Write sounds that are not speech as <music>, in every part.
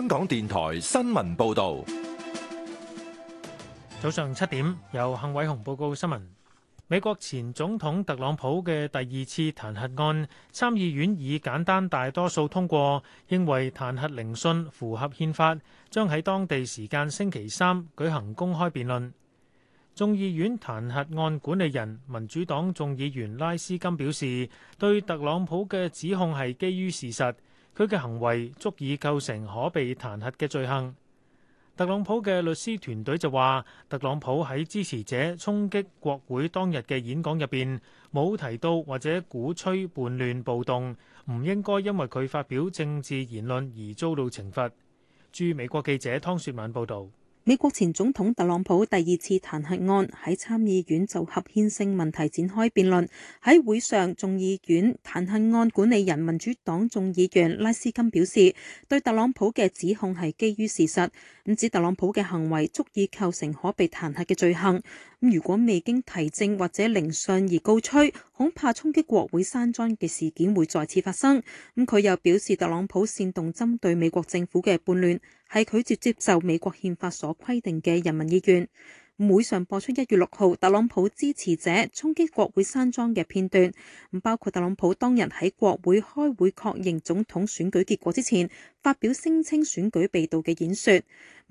香港電台新聞報道，早上七點由幸偉雄報告新聞。美國前總統特朗普嘅第二次彈劾案，參議院以簡單大多數通過，認為彈劾聆訊符合憲法，將喺當地時間星期三舉行公開辯論。眾議院彈劾案管理人，民主黨眾議員拉斯金表示，對特朗普嘅指控係基於事實。佢嘅行為足以構成可被彈劾嘅罪行。特朗普嘅律師團隊就話：特朗普喺支持者衝擊國會當日嘅演講入邊，冇提到或者鼓吹叛亂暴動，唔應該因為佢發表政治言論而遭到懲罰。駐美國記者湯雪曼報導。美國前總統特朗普第二次彈劾案喺參議院就合憲性問題展開辯論。喺會上，眾議院彈劾案管理人民主黨眾議員拉斯金表示，對特朗普嘅指控係基於事實，唔止特朗普嘅行為足以構成可被彈劾嘅罪行。咁如果未經提證或者聆訊而告吹，恐怕衝擊國會山莊嘅事件會再次發生。咁佢又表示，特朗普煽動針對美國政府嘅叛亂，係拒絕接受美國憲法所規定嘅人民意願。會上播出一月六號特朗普支持者衝擊國會山莊嘅片段，包括特朗普當日喺國會開會確認總統選舉結果之前發表聲稱選舉被盜嘅演說。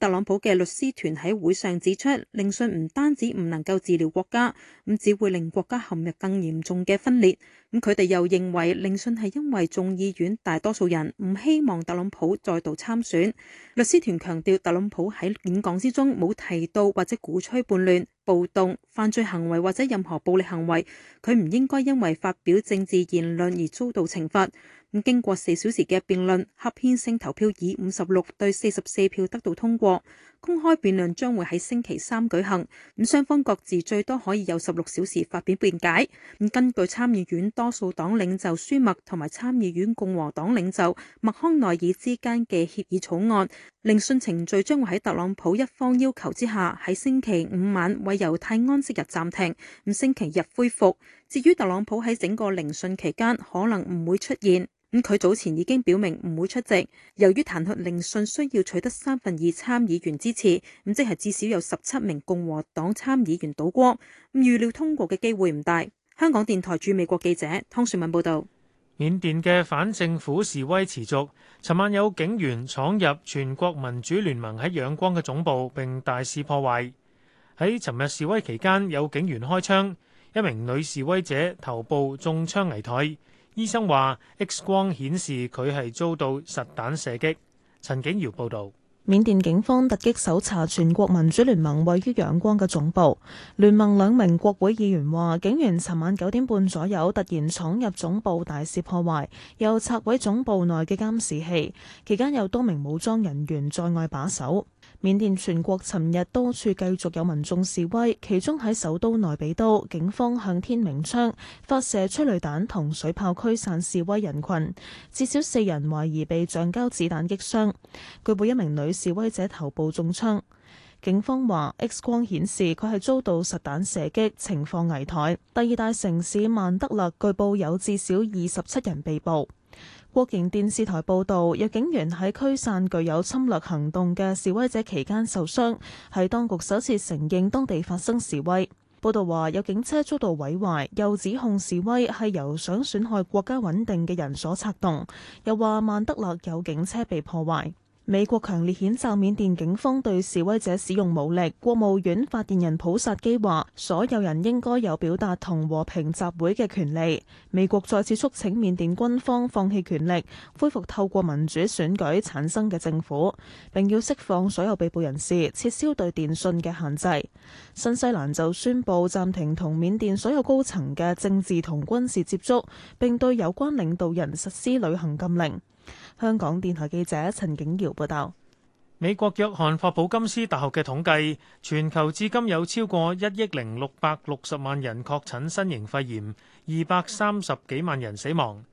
特朗普嘅律師團喺會上指出，聆訊唔單止唔能夠治療國家，咁只會令國家陷入更嚴重嘅分裂。咁佢哋又認為聆訊係因為眾議院大多數人唔希望特朗普再度參選。律師團強調，特朗普喺演講之中冇提到或者鼓吹推叛亂、暴動、犯罪行為或者任何暴力行為，佢唔應該因為發表政治言論而遭到懲罰。 <music> <music> 咁經過四小時嘅辯論，合憲性投票以五十六對四十四票得到通過。公開辯論將會喺星期三舉行。咁雙方各自最多可以有十六小時發表辯解。咁根據參議院多數黨領袖舒默同埋參議院共和黨領袖麥康奈爾之間嘅協議草案，聆訊程序將會喺特朗普一方要求之下喺星期五晚為猶太安息日暫停，咁星期日恢復。至於特朗普喺整個聆訊期間可能唔會出現，咁佢早前已經表明唔會出席。由於彈劾聆訊需要取得三分二參議員支持，咁即係至少有十七名共和黨參議員倒戈，咁預料通過嘅機會唔大。香港電台駐美國記者湯雪敏報道：緬甸嘅反政府示威持續，尋晚有警員闖入全國民主聯盟喺仰光嘅總部並大肆破壞。喺尋日示威期間，有警員開槍。一名女示威者頭部中槍危殆，醫生話 X 光顯示佢係遭到實彈射擊。陳景堯報道，緬甸警方突擊搜查全國民主聯盟位於仰光嘅總部。聯盟兩名國會議員話，警員尋晚九點半左右突然闖入總部，大肆破壞，又拆毀總部內嘅監視器。期間有多名武裝人員在外把守。緬甸全國尋日多處繼續有民眾示威，其中喺首都內比都，警方向天鳴槍、發射催淚彈同水炮驅散示威人群，至少四人懷疑被橡膠子彈擊傷。據報一名女示威者頭部中槍，警方話 X 光顯示佢係遭到實彈射擊，情況危殆。第二大城市曼德勒據報有至少二十七人被捕。國營電視台報導，有警員喺驅散具有侵略行動嘅示威者期間受傷，係當局首次承認當地發生示威。報導話，有警車遭到毀壞，又指控示威係由想損害國家穩定嘅人所策動，又話曼德勒有警車被破壞。美國強烈譴責緬甸警方對示威者使用武力。國務院發言人普薩基話：所有人應該有表達同和平集會嘅權利。美國再次促請緬甸軍方放棄權力，恢復透過民主選舉產生嘅政府，並要釋放所有被捕人士，撤銷對電訊嘅限制。新西蘭就宣布暫停同緬甸所有高層嘅政治同軍事接觸，並對有關領導人實施旅行禁令。香港電台記者陳景堯報道：美國約翰霍普金斯大學嘅統計，全球至今有超過一億零六百六十萬人確診新型肺炎，二百三十幾萬人死亡。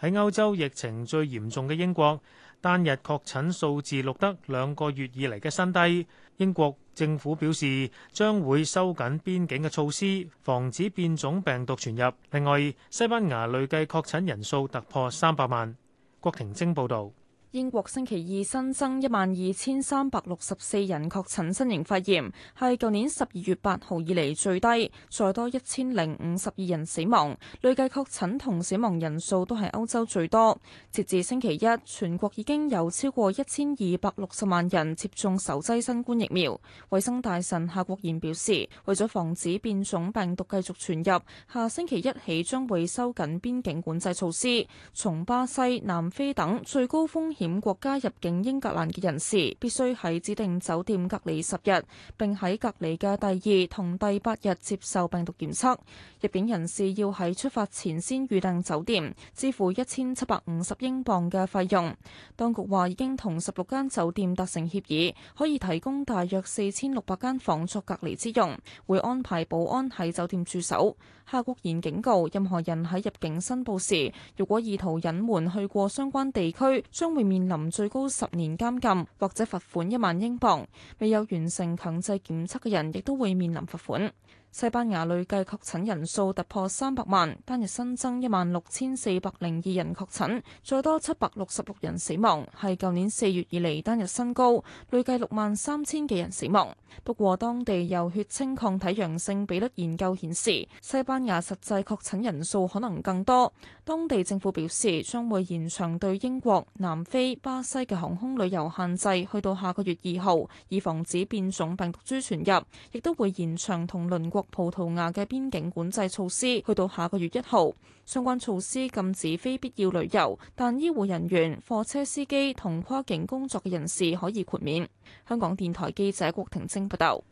喺歐洲疫情最嚴重嘅英國，單日確診數字錄得兩個月以嚟嘅新低。英國政府表示，將會收緊邊境嘅措施，防止變種病毒傳入。另外，西班牙累計確診人數突破三百萬。郭婷晶報道。英國星期二新增一萬二千三百六十四人確診新型肺炎，係舊年十二月八號以嚟最低，再多一千零五十二人死亡，累計確診同死亡人數都係歐洲最多。截至星期一，全國已經有超過一千二百六十萬人接種首劑新冠疫苗。衛生大臣夏國賢表示，為咗防止變種病毒繼續傳入，下星期一起將會收緊邊境管制措施，從巴西、南非等最高風險五國家入境英格蘭嘅人士必須喺指定酒店隔離十日，並喺隔離嘅第二同第八日接受病毒檢測。入境人士要喺出發前先預訂酒店，支付一千七百五十英鎊嘅費用。當局話已經同十六間酒店達成協議，可以提供大約四千六百間房作隔離之用，會安排保安喺酒店駐守。夏國賢警告，任何人喺入境申報時，如果意圖隱瞞去過相關地區，將會面臨最高十年監禁，或者罰款一萬英鎊，未有完成強制檢測嘅人亦都會面臨罰款。西班牙累計確診人數突破三百萬，單日新增一萬六千四百零二人確診，再多七百六十六人死亡，係舊年四月以嚟單日新高，累計六萬三千幾人死亡。不過，當地有血清抗體陽性比率研究顯示，西班牙實際確診人數可能更多。當地政府表示，將會延長對英國、南非、巴西嘅航空旅遊限制，去到下個月二號，以防止變種病毒株傳入，亦都會延長同鄰國。葡萄牙嘅邊境管制措施去到下個月一號，相關措施禁止非必要旅遊，但醫護人員、貨車司機同跨境工作嘅人士可以豁免。香港電台記者郭婷晶報道，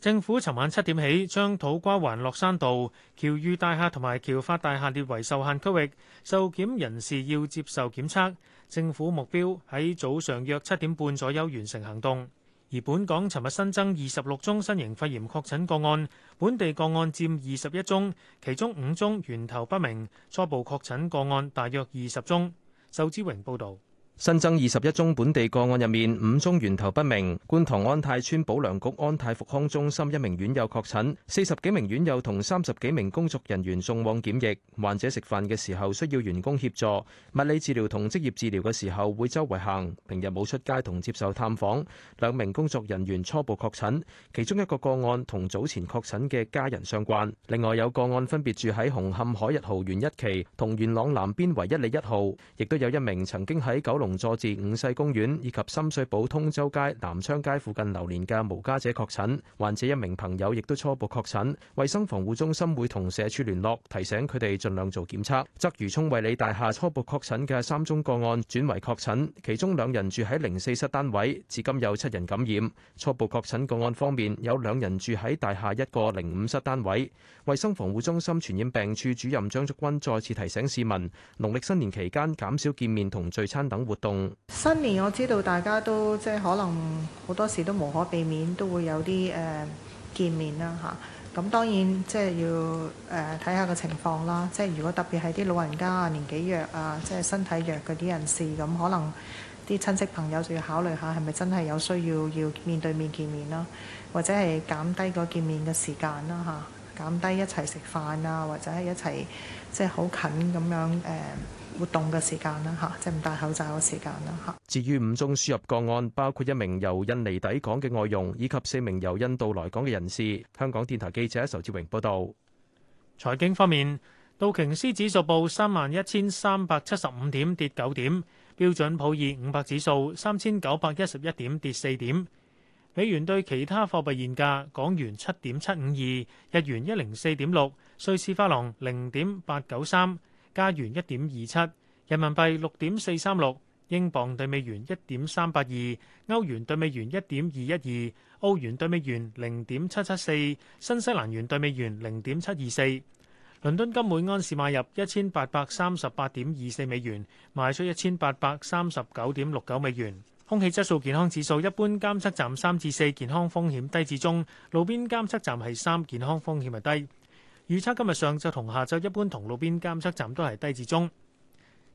政府尋晚七點起將土瓜灣落山道、橋裕大廈同埋橋發大廈列為受限區域，受檢人士要接受檢測。政府目標喺早上約七點半左右完成行動。而本港尋日新增二十六宗新型肺炎確診個案，本地個案佔二十一宗，其中五宗源頭不明，初步確診個案大約二十宗。仇志榮報導。新增二十一宗本地個案入面，五宗源頭不明。觀塘安泰村保良局安泰復康中心一名院友確診，四十幾名院友同三十幾名工作人員送往檢疫。患者食飯嘅時候需要員工協助，物理治療同職業治療嘅時候會周圍行，平日冇出街同接受探訪。兩名工作人員初步確診，其中一個個案同早前確診嘅家人相關。另外有個案分別住喺紅磡海逸豪園一期同元朗南邊圍一里一號，亦都有一名曾經喺九龍同佐治五世公園以及深水埗通州街、南昌街附近流連嘅無家者確診，患者一名朋友亦都初步確診。衛生防護中心會同社處聯絡，提醒佢哋盡量做檢測。鰂魚涌衛理大廈初步確診嘅三宗個案轉為確診，其中兩人住喺零四室單位，至今有七人感染。初步確診個案方面，有兩人住喺大廈一個零五室單位。衛生防護中心傳染病處主任張竹君再次提醒市民，農曆新年期間減少見面同聚餐等活。新年我知道大家都即係可能好多時都無可避免都會有啲誒、呃、見面啦，吓，咁、啊、當然即係要誒睇下個情況啦。即係如果特別係啲老人家啊、年紀弱啊、即係身體弱嗰啲人士，咁可能啲親戚朋友就要考慮下係咪真係有需要要面對面見面啦，或者係減低個見面嘅時間啦吓，減低一齊食飯啊，或者係、啊、一齊、啊、即係好近咁樣誒。呃活動嘅時間啦，嚇，即係唔戴口罩嘅時間啦，嚇。至於五宗輸入個案，包括一名由印尼抵港嘅外傭，以及四名由印度來港嘅人士。香港電台記者仇志榮報導。財經方面，道瓊斯指數報三萬一千三百七十五點，跌九點；標準普爾五百指數三千九百一十一點，跌四點。美元對其他貨幣現價：港元七點七五二，日元一零四點六，瑞士法郎零點八九三。加元一點二七，人民幣六點四三六，英鎊對美元一點三八二，歐元對美元一點二一二，澳元對美元零點七七四，新西蘭元對美元零點七二四。倫敦金每安士買入一千八百三十八點二四美元，賣出一千八百三十九點六九美元。空氣質素健康指數一般監測站三至四，健康風險低至中；路邊監測站係三，健康風險係低。預測今日上晝同下晝一般，同路邊監測站都係低至中。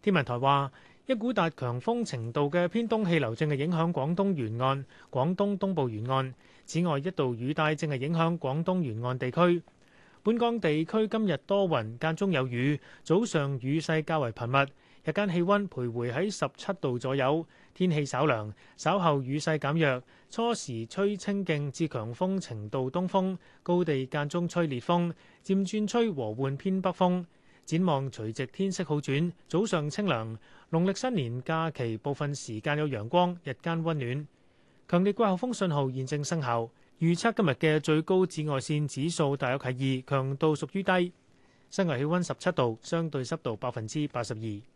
天文台話，一股達強風程度嘅偏東氣流正係影響廣東沿岸、廣東東部沿岸。此外，一道雨帶正係影響廣東沿岸地區。本港地區今日多雲，間中有雨，早上雨勢較為頻密，日間氣温徘徊喺十七度左右。天氣稍涼，稍後雨勢減弱，初時吹清勁至強風程度東風，高地間中吹烈風，漸轉吹和緩偏北風。展望隨直天色好轉，早上清涼。農曆新年假期部分時間有陽光，日間溫暖。強烈季候風信號現正生效，預測今日嘅最高紫外線指數大約係二，強度屬於低。室外氣溫十七度，相對濕度百分之八十二。